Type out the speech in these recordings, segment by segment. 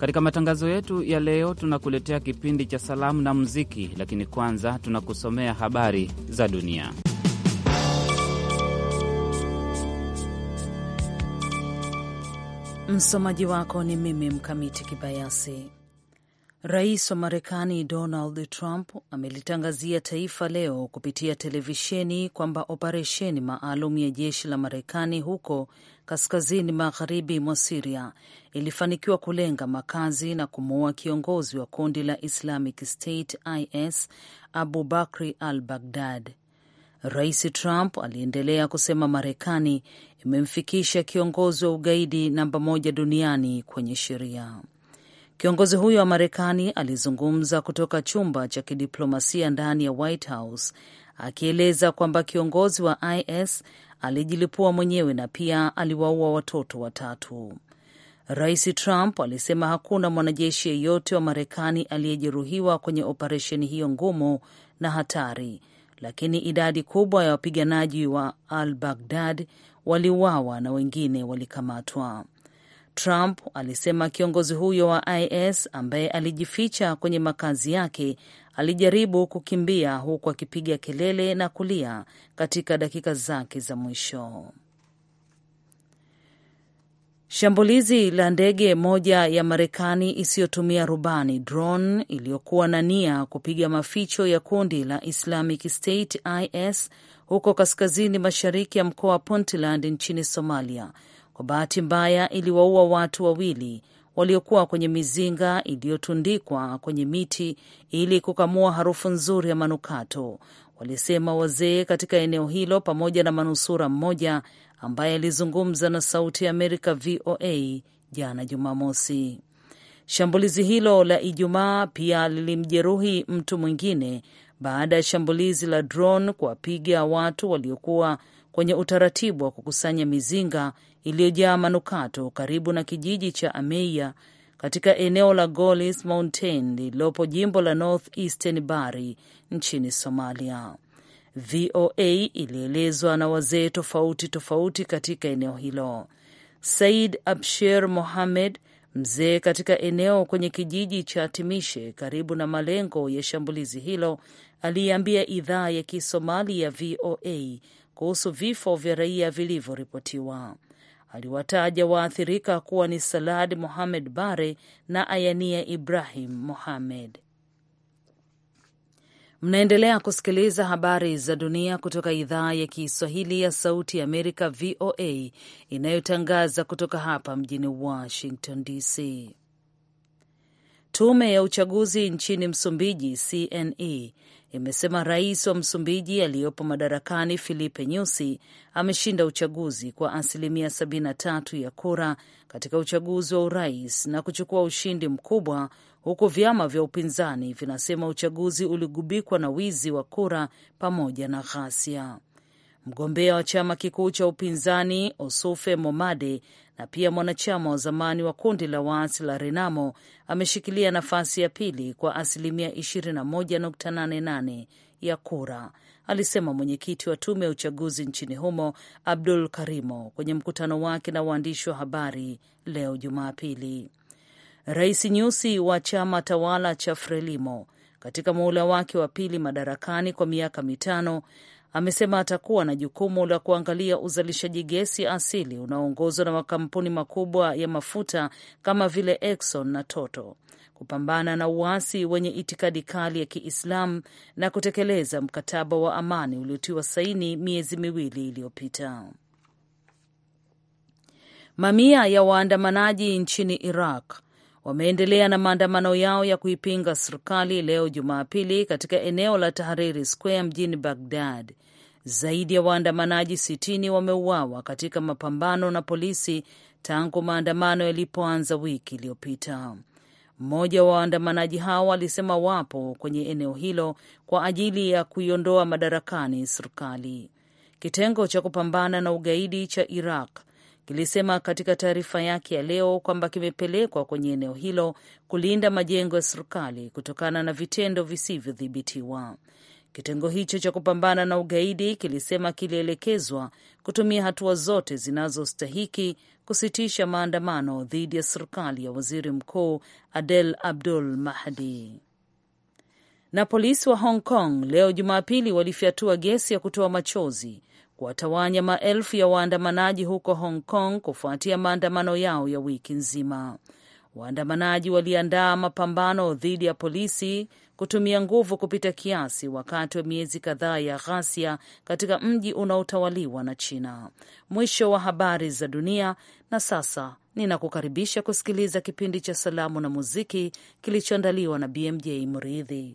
Katika matangazo yetu ya leo tunakuletea kipindi cha salamu na muziki, lakini kwanza tunakusomea habari za dunia. Msomaji wako ni mimi Mkamiti Kibayasi. Rais wa Marekani Donald Trump amelitangazia taifa leo kupitia televisheni kwamba operesheni maalum ya jeshi la Marekani huko kaskazini magharibi mwa Siria ilifanikiwa kulenga makazi na kumuua kiongozi wa kundi la Islamic State IS Abu Bakri al Baghdad. Rais Trump aliendelea kusema Marekani imemfikisha kiongozi wa ugaidi namba moja duniani kwenye sheria. Kiongozi huyo wa Marekani alizungumza kutoka chumba cha kidiplomasia ndani ya White House akieleza kwamba kiongozi wa IS alijilipua mwenyewe na pia aliwaua watoto watatu. Rais Trump alisema hakuna mwanajeshi yeyote wa Marekani aliyejeruhiwa kwenye operesheni hiyo ngumu na hatari, lakini idadi kubwa ya wapiganaji wa al Baghdad waliuawa na wengine walikamatwa. Trump alisema kiongozi huyo wa IS ambaye alijificha kwenye makazi yake alijaribu kukimbia huku akipiga kelele na kulia katika dakika zake za mwisho. Shambulizi la ndege moja ya Marekani isiyotumia rubani drone iliyokuwa na nia kupiga maficho ya kundi la Islamic State IS huko kaskazini mashariki ya mkoa wa Puntland nchini Somalia kwa bahati mbaya iliwaua watu wawili waliokuwa kwenye mizinga iliyotundikwa kwenye miti ili kukamua harufu nzuri ya manukato, walisema wazee katika eneo hilo, pamoja na manusura mmoja ambaye alizungumza na Sauti ya Amerika VOA jana Jumamosi. Shambulizi hilo la Ijumaa pia lilimjeruhi mtu mwingine baada ya shambulizi la drone kuwapiga watu waliokuwa kwenye utaratibu wa kukusanya mizinga iliyojaa manukato karibu na kijiji cha Ameia katika eneo la Golis Mountain lililopo jimbo la North Eastern Bari nchini Somalia. VOA ilielezwa na wazee tofauti tofauti katika eneo hilo. Said Abshir Mohamed, mzee katika eneo kwenye kijiji cha Timishe karibu na malengo ya shambulizi hilo, aliyeambia idhaa ya Kisomali ya VOA kuhusu vifo vya raia vilivyoripotiwa aliwataja waathirika kuwa ni Salad Mohamed Bare na Ayania Ibrahim Mohamed. Mnaendelea kusikiliza habari za dunia kutoka idhaa ya Kiswahili ya Sauti ya Amerika, VOA, inayotangaza kutoka hapa mjini Washington DC. Tume ya uchaguzi nchini Msumbiji, CNE, imesema rais wa Msumbiji aliyopo madarakani Filipe Nyusi ameshinda uchaguzi kwa asilimia 73 ya kura katika uchaguzi wa urais na kuchukua ushindi mkubwa, huku vyama vya upinzani vinasema uchaguzi uligubikwa na wizi wa kura pamoja na ghasia. Mgombea wa chama kikuu cha upinzani Osufe Momade na pia mwanachama wa zamani wa kundi la waasi la Renamo ameshikilia nafasi ya pili kwa asilimia 21.88 ya kura, alisema mwenyekiti wa tume ya uchaguzi nchini humo Abdul Karimo kwenye mkutano wake na waandishi wa habari leo Jumapili. Rais Nyusi wa chama tawala cha Frelimo katika muhula wake wa pili madarakani kwa miaka mitano amesema atakuwa na jukumu la kuangalia uzalishaji gesi asili unaoongozwa na makampuni makubwa ya mafuta kama vile Exxon na Total, kupambana na uasi wenye itikadi kali ya Kiislamu na kutekeleza mkataba wa amani uliotiwa saini miezi miwili iliyopita. Mamia ya waandamanaji nchini Iraq wameendelea na maandamano yao ya kuipinga serikali leo Jumapili katika eneo la Tahariri Square mjini Bagdad, zaidi ya waandamanaji sitini wameuawa katika mapambano na polisi tangu maandamano yalipoanza wiki iliyopita. Mmoja wa waandamanaji hao alisema wapo kwenye eneo hilo kwa ajili ya kuiondoa madarakani serikali. Kitengo cha kupambana na ugaidi cha Iraq kilisema katika taarifa yake ya leo kwamba kimepelekwa kwenye eneo hilo kulinda majengo ya serikali kutokana na vitendo visivyodhibitiwa. Kitengo hicho cha kupambana na ugaidi kilisema kilielekezwa kutumia hatua zote zinazostahiki kusitisha maandamano dhidi ya serikali ya waziri mkuu Adel Abdul Mahdi. Na polisi wa Hong Kong leo Jumapili walifyatua gesi ya kutoa machozi kuwatawanya maelfu ya waandamanaji huko Hong Kong kufuatia maandamano yao ya wiki nzima. Waandamanaji waliandaa mapambano dhidi ya polisi kutumia nguvu kupita kiasi wakati wa miezi kadhaa ya ghasia katika mji unaotawaliwa na China. Mwisho wa habari za dunia, na sasa ninakukaribisha kusikiliza kipindi cha salamu na muziki kilichoandaliwa na BMJ Mridhi.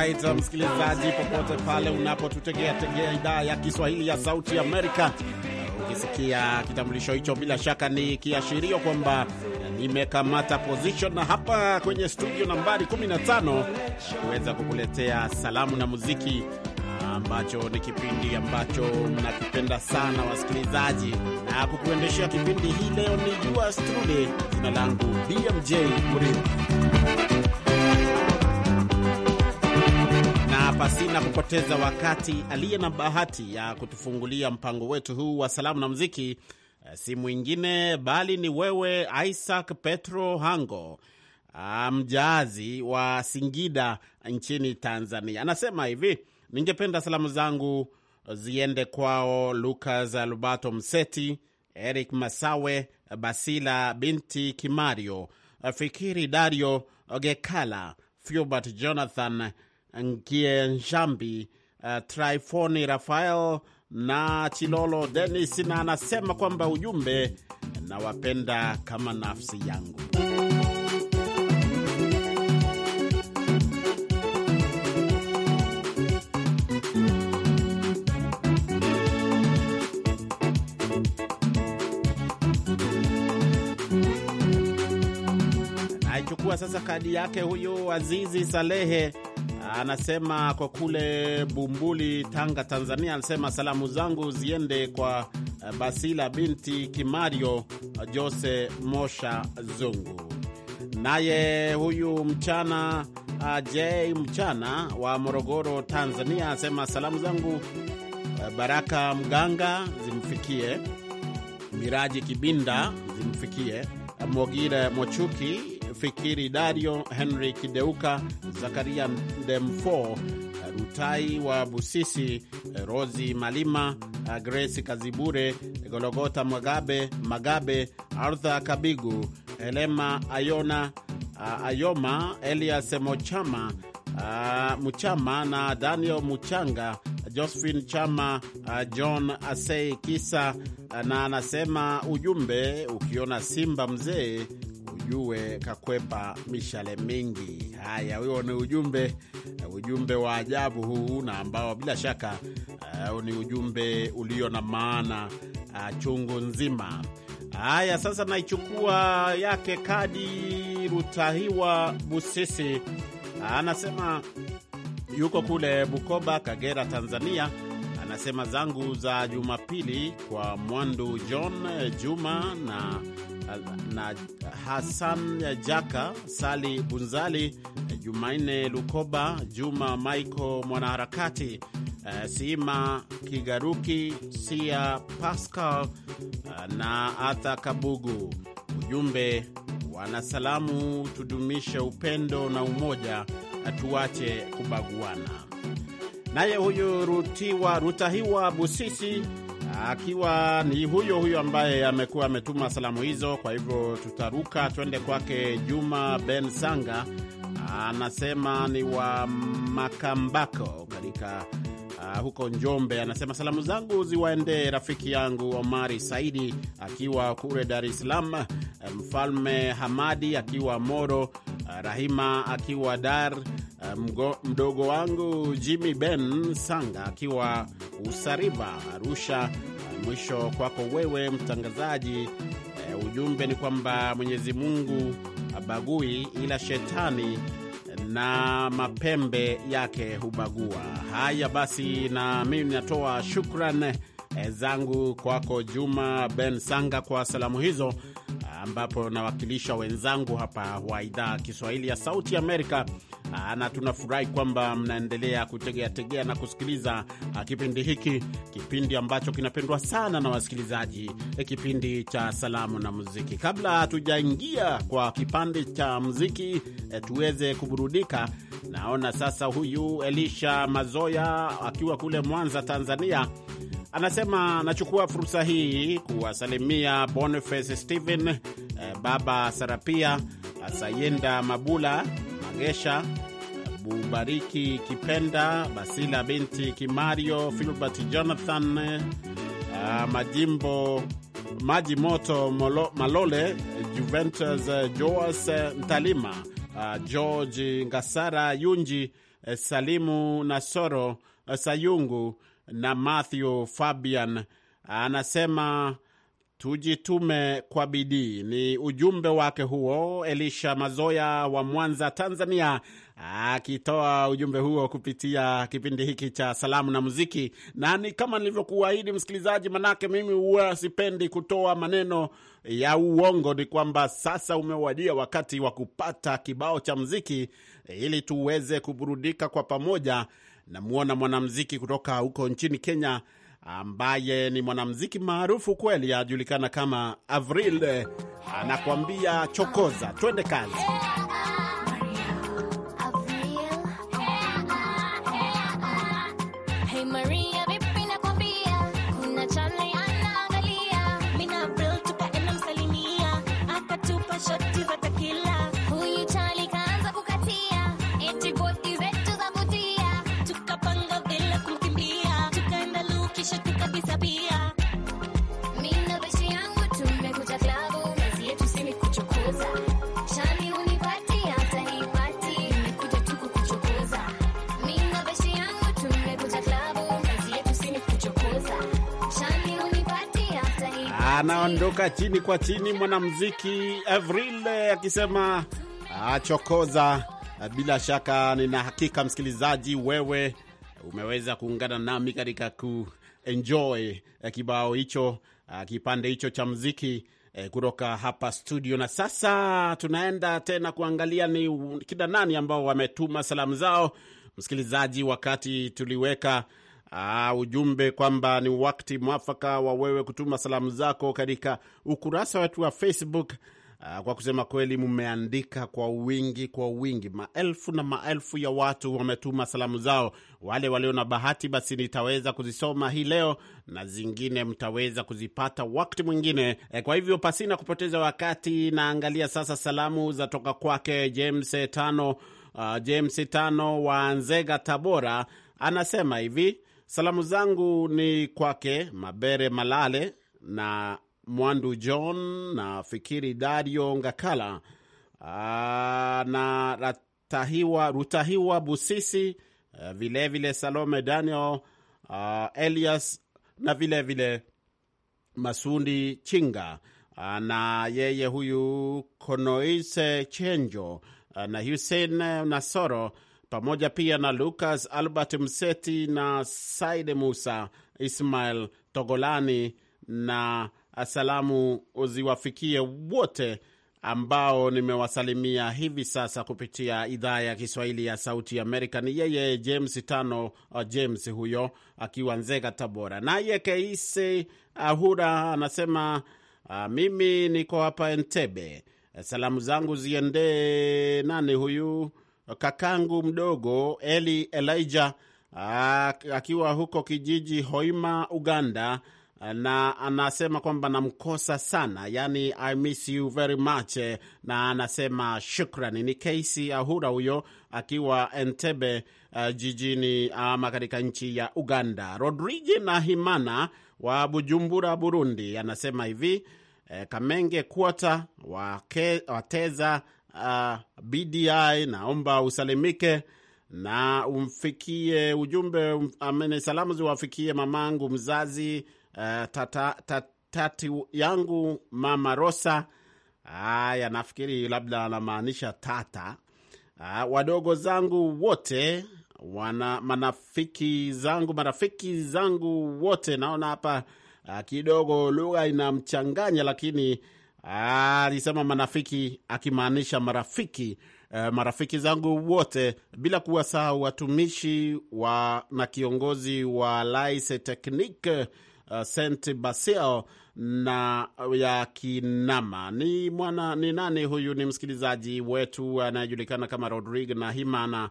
right, uh, msikilizaji popote pale unapotutegea tegea idhaa ya Kiswahili ya Sauti Amerika. Ukisikia kitambulisho hicho, bila shaka ni kiashirio kwamba nimekamata position na hapa kwenye studio nambari 15 kuweza kukuletea salamu na muziki uh, ambacho ni kipindi ambacho mnakipenda sana wasikilizaji, na kukuendeshea kipindi hii leo ni Jua Studio. Jina langu BMJ Murithi. pasina kupoteza wakati, aliye na bahati ya kutufungulia mpango wetu huu wa salamu na muziki eh, si mwingine bali ni wewe Isaac Petro Hango, ah, mjaazi wa Singida nchini Tanzania. Anasema hivi, ningependa salamu zangu ziende kwao Lukas Alubato Mseti, Eric Masawe, Basila binti Kimario, Fikiri Dario Ogekala, Fubert Jonathan Ngie Njambi, uh, eh, Tryfoni Rafael na Chilolo Denis, na anasema kwamba ujumbe, nawapenda kama nafsi yangu. Naichukua sasa kadi yake huyu Azizi Salehe anasema kwa kule Bumbuli, Tanga, Tanzania, anasema salamu zangu ziende kwa eh, Basila binti Kimario, Jose Mosha Zungu. Naye huyu mchana eh, J mchana wa Morogoro, Tanzania, anasema salamu zangu eh, Baraka Mganga zimfikie, Miraji Kibinda zimfikie, Mogire Mochuki Fikiri Dario, Henry Kideuka, Zakaria Demfo, Rutai wa Busisi, Rosi Malima, Grace Kazibure, Gologota Magabe, Magabe, Artha Kabigu, Elema Ayona, uh, Ayoma, Elias Mochama, uh, Muchama na Daniel Muchanga, Josephine Chama, uh, John Asei Kisa, na anasema ujumbe, ukiona simba mzee ujue kakwepa Mishale Mingi. Haya, huo ni ujumbe, ujumbe wa ajabu huu, na ambao bila shaka uh, ni ujumbe ulio na maana uh, chungu nzima. Haya, sasa naichukua yake Kadi Rutahiwa Busisi, anasema yuko kule Bukoba, Kagera, Tanzania. Anasema zangu za Jumapili kwa Mwandu John Juma na na Hasan Jaka, Sali Bunzali, Jumanne Lukoba, Juma Michael mwanaharakati, eh, Sima Kigaruki, Sia Pascal eh, na Arthur Kabugu. Ujumbe wanasalamu, tudumishe upendo na umoja, tuache kubaguana. Naye huyu Rutahiwa Busisi akiwa ni huyo huyo ambaye amekuwa ametuma salamu hizo. Kwa hivyo tutaruka twende kwake Juma Ben Sanga, anasema ni wa Makambako katika Uh, huko Njombe anasema salamu zangu ziwaendee rafiki yangu Omari Saidi akiwa kule Dar es Salaam, Mfalme Hamadi akiwa Moro, uh, Rahima akiwa Dar, uh, mgo, mdogo wangu Jimmy Ben Sanga akiwa Usariba Arusha, Mwisho kwako wewe mtangazaji, e, ujumbe ni kwamba Mwenyezi Mungu abagui ila shetani na mapembe yake hubagua. Haya basi, na mimi natoa shukran eh, zangu kwako Juma Ben Sanga kwa salamu hizo ambapo nawakilisha wenzangu hapa wa idhaa Kiswahili ya Sauti Amerika, ah, na tunafurahi kwamba mnaendelea kutegeategea na kusikiliza ah, kipindi hiki, kipindi ambacho kinapendwa sana na wasikilizaji, eh, kipindi cha salamu na muziki. Kabla hatujaingia kwa kipande cha muziki eh, tuweze kuburudika, naona sasa huyu Elisha Mazoya akiwa kule Mwanza, Tanzania Anasema anachukua fursa hii kuwasalimia Boniface Stephen, eh, Baba Sarapia, Sayenda Mabula, Magesha Bubariki Kipenda, Basila binti Kimario, Filbert Jonathan, eh, Majimbo Maji Moto Molo, Malole, Juventus eh, Joas Mtalima, George Ngasara Yunji, Salimu Nasoro Sayungu na Matthew Fabian anasema tujitume kwa bidii. Ni ujumbe wake huo, Elisha Mazoya wa Mwanza, Tanzania, akitoa ujumbe huo kupitia kipindi hiki cha salamu na muziki. Na ni kama nilivyokuahidi msikilizaji, manake mimi huwa sipendi kutoa maneno ya uongo, ni kwamba sasa umewadia wakati wa kupata kibao cha muziki ili tuweze kuburudika kwa pamoja namwona mwanamziki kutoka huko nchini Kenya ambaye ni mwanamziki maarufu kweli, ajulikana kama Avril, anakuambia chokoza, twende kazi. anaondoka chini kwa chini mwanamuziki Avril akisema achokoza. Bila shaka nina hakika msikilizaji, wewe umeweza kuungana nami katika kuenjoy eh, kibao hicho, eh, kipande hicho cha muziki eh, kutoka hapa studio. Na sasa tunaenda tena kuangalia ni kina nani ambao wametuma salamu zao. Msikilizaji, wakati tuliweka Aa, ah, ujumbe kwamba ni wakati mwafaka wa wewe kutuma salamu zako katika ukurasa wetu wa Facebook. Aa, ah, kwa kusema kweli mmeandika kwa wingi, kwa wingi, maelfu na maelfu ya watu wametuma salamu zao. Wale walio na bahati basi nitaweza kuzisoma hii leo na zingine mtaweza kuzipata wakati mwingine. E, kwa hivyo pasina kupoteza wakati, naangalia sasa salamu za toka kwake James tano, uh, ah, James tano wa Nzega, Tabora, anasema hivi Salamu zangu ni kwake Mabere Malale na Mwandu John na Fikiri Dario Ngakala ah, na Ratahiwa, Rutahiwa Busisi vilevile eh, vile Salome Daniel ah, Elias na vilevile vile Masundi Chinga ah, na yeye huyu Konoise Chenjo na Hussein Nasoro pamoja pia na Lucas Albert Mseti na Saide Musa Ismail Togolani, na salamu ziwafikie wote ambao nimewasalimia hivi sasa kupitia idhaa ya Kiswahili ya Sauti Amerika. Ni yeye James Tano uh, James huyo akiwa Nzega, Tabora. Naye Keise Ahura anasema uh, mimi niko hapa Entebe, salamu zangu ziendee nani huyu kakangu mdogo Eli Elijah akiwa huko kijiji Hoima, Uganda, na anasema kwamba namkosa sana, yani I miss you very much, eh, na anasema shukrani. Ni kesi Ahura huyo akiwa Entebe uh, eh, jijini ama uh, katika nchi ya Uganda. Rodrigi na Himana wa Bujumbura, Burundi, anasema hivi eh, Kamenge kuota wateza uh, ah, BDI, naomba usalimike na umfikie ujumbe um, amene salamu ziwafikie mamangu mzazi uh, tata, tata, tati yangu mama Rosa. Haya, nafikiri labda anamaanisha tata. Aa, ah, wadogo zangu wote wana marafiki zangu marafiki zangu wote. Naona hapa ah, kidogo lugha inamchanganya, lakini alisema manafiki, akimaanisha marafiki eh, marafiki zangu wote, bila kuwasahau watumishi wa na kiongozi wa Lycee Technique uh, Saint Basil na ya Kinama. Ni mwana ni nani huyu? Ni msikilizaji wetu anayejulikana kama Rodrigue Himana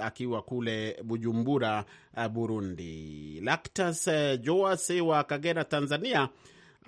akiwa kule Bujumbura, eh, Burundi. Lactas eh, Joas wa Kagera, Tanzania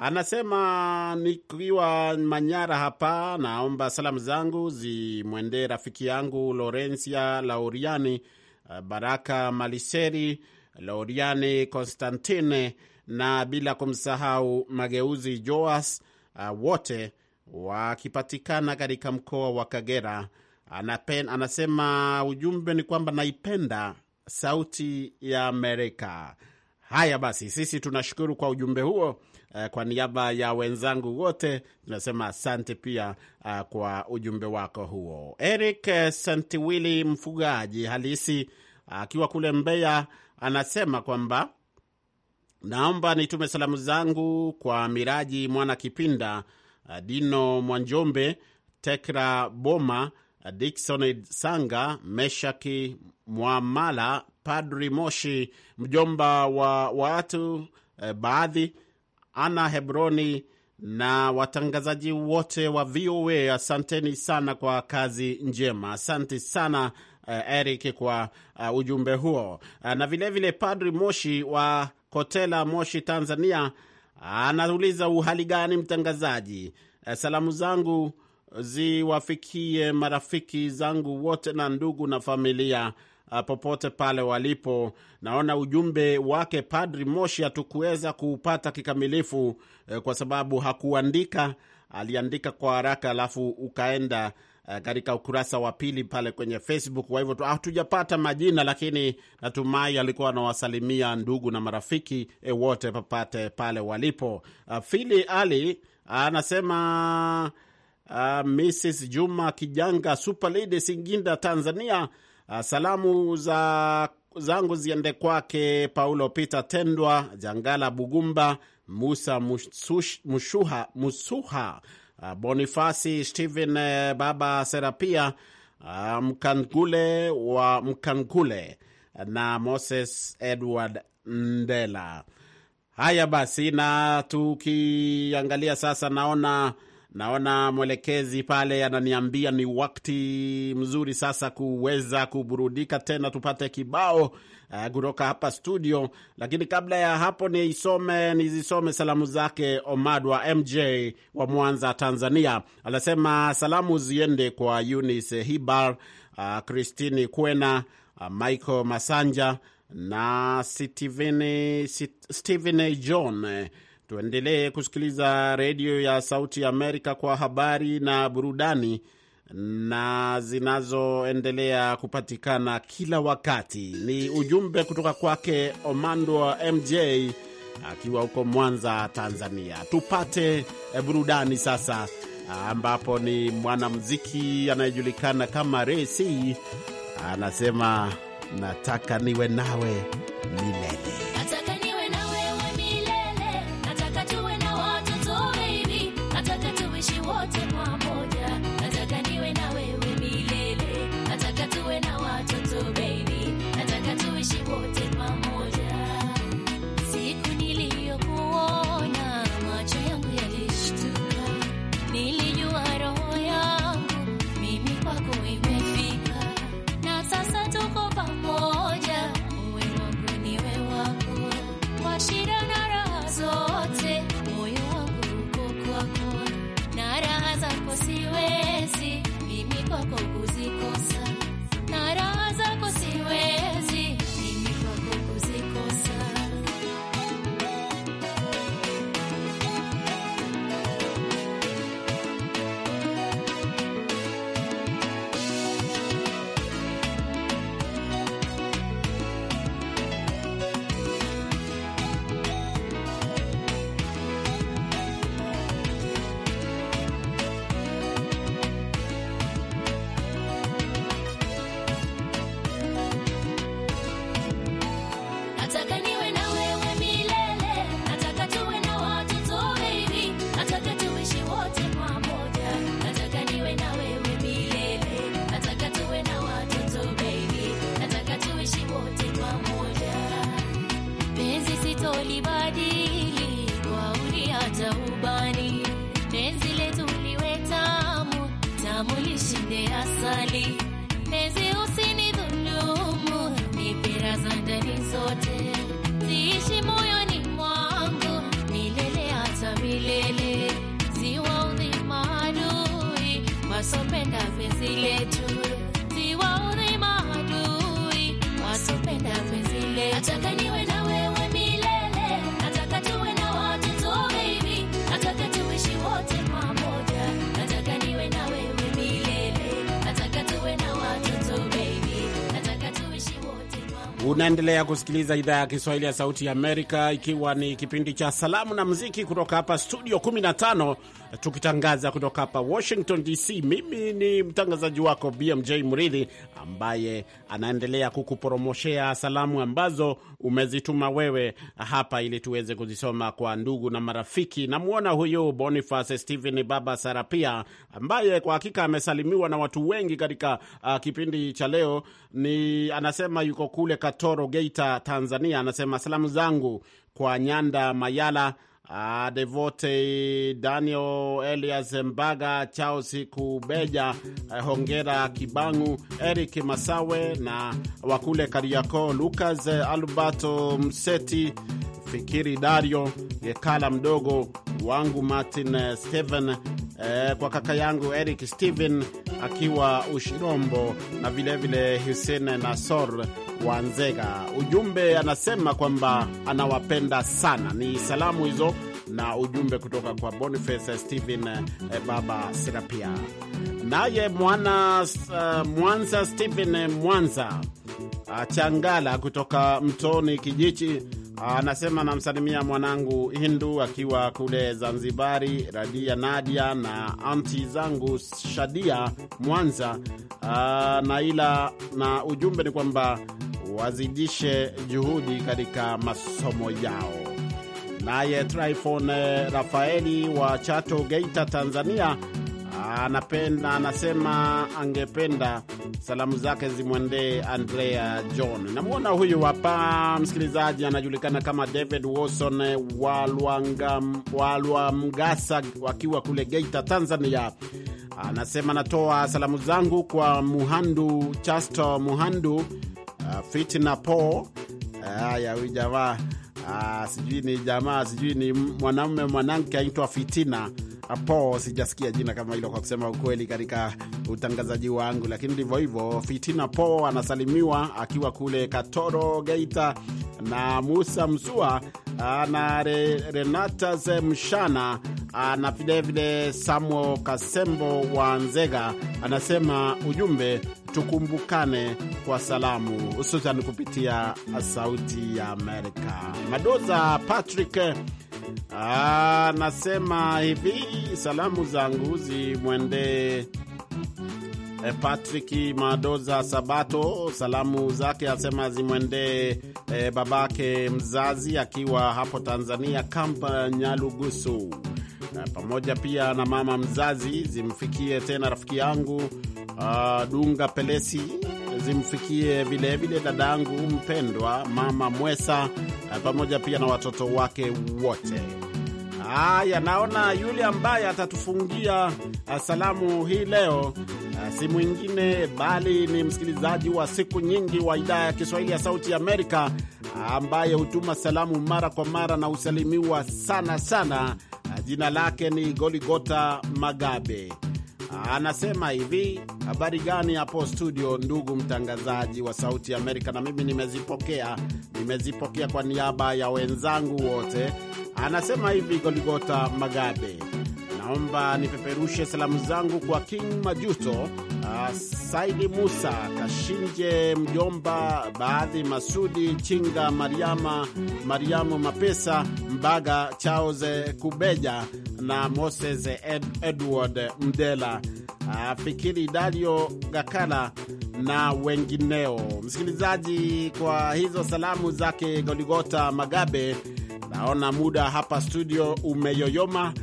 Anasema nikiwa Manyara hapa, naomba salamu zangu zimwendee rafiki yangu Lorencia Lauriani, eh, Baraka Maliseri, Lauriani constantine na bila kumsahau Mageuzi Joas, uh, wote wakipatikana katika mkoa wa Kagera. Anapen, anasema ujumbe ni kwamba naipenda Sauti ya Amerika. Haya basi, sisi tunashukuru kwa ujumbe huo Eh, kwa niaba ya wenzangu wote tunasema asante pia eh, kwa ujumbe wako huo. Eric eh, Santiwili, mfugaji halisi akiwa kule Mbeya, anasema kwamba naomba nitume salamu zangu kwa Miraji Mwana Kipinda, Dino Mwanjombe, Tekra Boma, Dikson Sanga, Meshaki Mwamala, Padri Moshi, mjomba wa watu baadhi ana Hebroni na watangazaji wote wa VOA, asanteni sana kwa kazi njema. Asante sana eh, Eric kwa eh, ujumbe huo, eh, na vilevile vile Padri Moshi wa Kotela, Moshi, Tanzania, anauliza uhali gani mtangazaji? Salamu zangu ziwafikie marafiki zangu wote na ndugu na familia Ah, popote pale walipo. Naona ujumbe wake Padri Moshi hatukuweza kuupata kikamilifu eh, kwa sababu hakuandika, aliandika kwa haraka alafu ukaenda eh, katika ukurasa wa pili pale kwenye Facebook. Kwa hivyo hatujapata majina, lakini natumai alikuwa anawasalimia ndugu na marafiki e, wote papate pale walipo. Uh, Fili Ali anasema uh, ah, Mrs Juma Kijanga Super Lady Singinda Tanzania Ah, salamu za zangu ziende kwake Paulo Peter Tendwa, Jangala Bugumba, Musa Mushuha, Musuha, ah, Bonifasi Stephen, eh, Baba Serapia ah, Mkangule wa Mkangule na Moses Edward Ndela. Haya basi, na tukiangalia sasa, naona Naona mwelekezi pale ananiambia ni wakati mzuri sasa kuweza kuburudika tena, tupate kibao eh, kutoka uh, hapa studio. Lakini kabla ya hapo, nisome nizisome salamu zake Omad wa MJ wa Mwanza, Tanzania. Anasema salamu ziende kwa Eunice Hibar, uh, uh, Kwena, uh, Michael Masanja na Steveni John Tuendelee kusikiliza redio ya Sauti Amerika kwa habari na burudani na zinazoendelea kupatikana kila wakati. Ni ujumbe kutoka kwake Omando wa MJ akiwa huko Mwanza, Tanzania. Tupate eh, burudani sasa, ambapo ni mwanamuziki anayejulikana kama rec anasema nataka niwe nawe milele. nishinde asali, mpenzi usinidhulumu, nipe za ndani zote, ziishi moyoni mwangu milele hata milele, ziwaudhi maadui wasopenda penzi letu Unaendelea kusikiliza idhaa ya Kiswahili ya Sauti ya Amerika, ikiwa ni kipindi cha salamu na muziki kutoka hapa studio 15 tukitangaza kutoka hapa Washington DC. Mimi ni mtangazaji wako BMJ Mridhi, ambaye anaendelea kukupromoshea salamu ambazo umezituma wewe hapa, ili tuweze kuzisoma kwa ndugu na marafiki. Namwona huyu Boniface Stephen Baba Sarapia, ambaye kwa hakika amesalimiwa na watu wengi katika uh, kipindi cha leo. Ni anasema yuko kule Katoro, Geita, Tanzania. Anasema salamu zangu kwa Nyanda Mayala uh, Devote Daniel Elias Mbaga, Charles Kubeja, uh, hongera Kibangu, Eric Masawe na wakule kariako Lucas eh, Alberto Mseti Fikiri Dario, Yekala mdogo wangu Martin eh, Steven, eh, kwa kaka yangu Eric Steven akiwa Ushirombo na vilevile Hussein Nasor wa Nzega. Ujumbe anasema kwamba anawapenda sana. Ni salamu hizo na ujumbe kutoka kwa Boniface Steven eh, baba Serapia. Naye mwana uh, Mwanza Steven eh, Mwanza Achangala kutoka Mtoni Kijichi Anasema ah, namsalimia mwanangu Hindu akiwa kule Zanzibari, Radia Nadia na anti zangu Shadia Mwanza. Ah, na ila na ujumbe ni kwamba wazidishe juhudi katika masomo yao. Naye trifon eh, Rafaeli wa Chato, Geita, Tanzania anapenda anasema angependa salamu zake zimwendee Andrea John. Namwona huyu hapa msikilizaji, anajulikana kama David Wilson Walwamgasa wakiwa kule Geita, Tanzania. Anasema anatoa salamu zangu kwa Muhandu Chasto Muhandu, uh, Fitna Po. Haya, huyu jamaa ah, sijui ni jamaa, sijui ni mwanamume mwanamke, aitwa Fitina. Hapo sijasikia jina kama hilo kwa kusema ukweli, katika utangazaji wangu, lakini ndivyo hivyo. Fitina Po anasalimiwa akiwa kule Katoro, Geita, na Musa Msua ah, na Re, Renata Mshana ah, na vilevile Samuel Kasembo wa Nzega anasema ujumbe tukumbukane kwa salamu, hususan kupitia Sauti ya Amerika. Madoza Patrick ah, anasema hivi, salamu zangu zimwendee eh, Patrick Madoza Sabato. Salamu zake asema zimwendee e, eh, babake mzazi akiwa hapo Tanzania, Kampa Nyalugusu, pamoja pia na mama mzazi. Zimfikie tena rafiki yangu uh, Dunga Pelesi zimfikie vilevile dadangu mpendwa Mama Mwesa eh, pamoja pia na watoto wake wote. Haya, naona yule ambaye atatufungia eh, salamu hii leo eh, si mwingine bali ni msikilizaji wa siku nyingi wa idhaa ya Kiswahili ya Sauti Amerika, ambaye hutuma salamu mara kwa mara na husalimiwa sana sana. Jina lake ni Goligota Magabe anasema hivi: habari gani hapo studio, ndugu mtangazaji wa Sauti Amerika? Na mimi nimezipokea, nimezipokea kwa niaba ya wenzangu wote. Anasema hivi Goligota Magabe, naomba nipeperushe salamu zangu kwa King Majuto Ah, Saidi Musa Kashinje Mjomba, Baadhi Masudi Chinga, Mariama Mariamu Mapesa Mbaga, Charles Kubeja na Moses Ed, Edward Mdela, ah, Fikiri Dario Gakala na wengineo. Msikilizaji, kwa hizo salamu zake Goligota Magabe, naona muda hapa studio umeyoyoma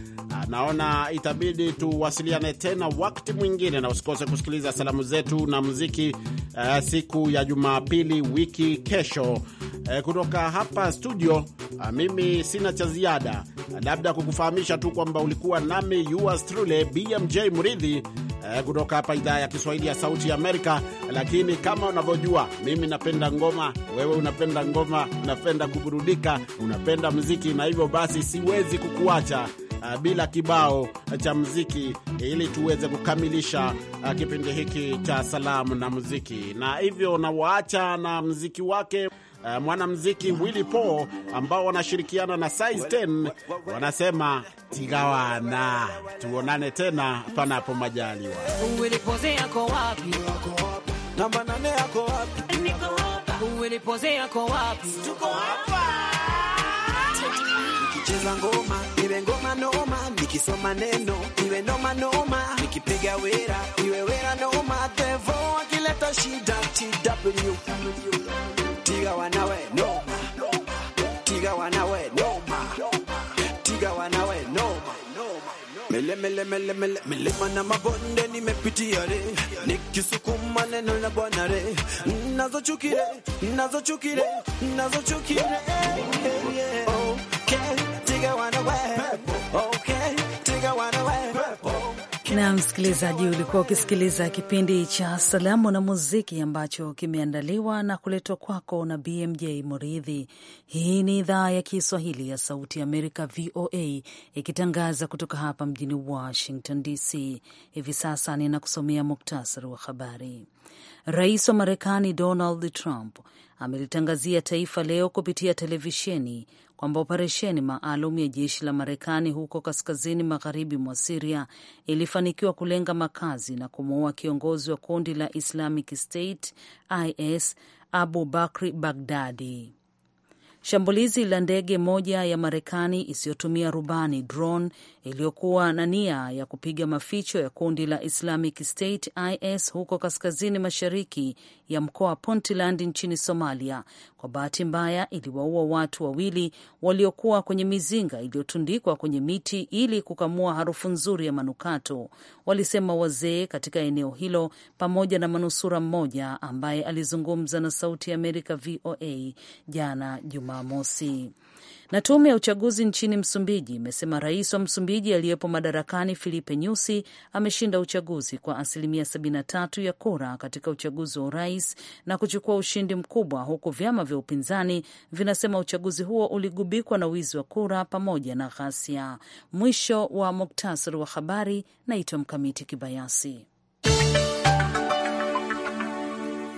naona itabidi tuwasiliane tena wakati mwingine, na usikose kusikiliza salamu zetu na muziki uh, siku ya Jumapili wiki kesho. Uh, kutoka hapa studio uh, mimi sina cha ziada uh, labda kukufahamisha tu kwamba ulikuwa nami yours truly BMJ Muridhi uh, kutoka hapa idhaa ya Kiswahili ya Sauti ya Amerika. Lakini kama unavyojua, mimi napenda ngoma, wewe unapenda ngoma, unapenda kuburudika, unapenda muziki, na hivyo basi siwezi kukuacha Eh, bila kibao cha muziki ili tuweze kukamilisha eh, kipindi hiki cha salamu na muziki, na hivyo nawaacha na muziki wake eh, mwanamuziki Willy Paul ambao wanashirikiana na Size 10 wanasema tigawana, tuonane tena panapo majaliwa. Namba nane yako wapi? Niko hapa. wapi? Tuko hapa. Nikicheza ngoma iwe ngoma noma, nikisoma neno iwe noma noma, nikipiga wera iwe wera noma. Devo akileta shida TW tiga wanawe noma, tiga wanawe noma, tiga wanawe noma. Mele mele mele mele milima na mabonde nimepitia re, nikisukuma neno na bwana re, nazo chukire nazo chukire nazo chukire yeah na msikilizaji, ulikuwa ukisikiliza kipindi cha salamu na muziki ambacho kimeandaliwa na kuletwa kwako na BMJ Muridhi. Hii ni idhaa ya Kiswahili ya Sauti ya Amerika, VOA, ikitangaza kutoka hapa mjini Washington DC. Hivi sasa ninakusomea muktasari wa habari. Rais wa Marekani Donald Trump amelitangazia taifa leo kupitia televisheni kwamba operesheni maalum ya jeshi la Marekani huko kaskazini magharibi mwa Siria ilifanikiwa kulenga makazi na kumuua kiongozi wa kundi la Islamic State IS Abu Bakri Bagdadi. Shambulizi la ndege moja ya Marekani isiyotumia rubani drone iliyokuwa na nia ya kupiga maficho ya kundi la Islamic State IS huko kaskazini mashariki ya mkoa Puntland nchini Somalia, kwa bahati mbaya iliwaua watu wawili waliokuwa kwenye mizinga iliyotundikwa kwenye miti ili kukamua harufu nzuri ya manukato, walisema wazee katika eneo hilo, pamoja na manusura mmoja ambaye alizungumza na Sauti ya Amerika VOA jana Jumamosi. Na tume ya uchaguzi nchini Msumbiji imesema rais wa Msumbiji aliyepo madarakani Filipe Nyusi ameshinda uchaguzi kwa asilimia 73 ya kura katika uchaguzi wa urais na kuchukua ushindi mkubwa, huku vyama vya upinzani vinasema uchaguzi huo uligubikwa na wizi wa kura pamoja na ghasia. Mwisho wa muktasari wa habari. Naitwa Mkamiti Kibayasi.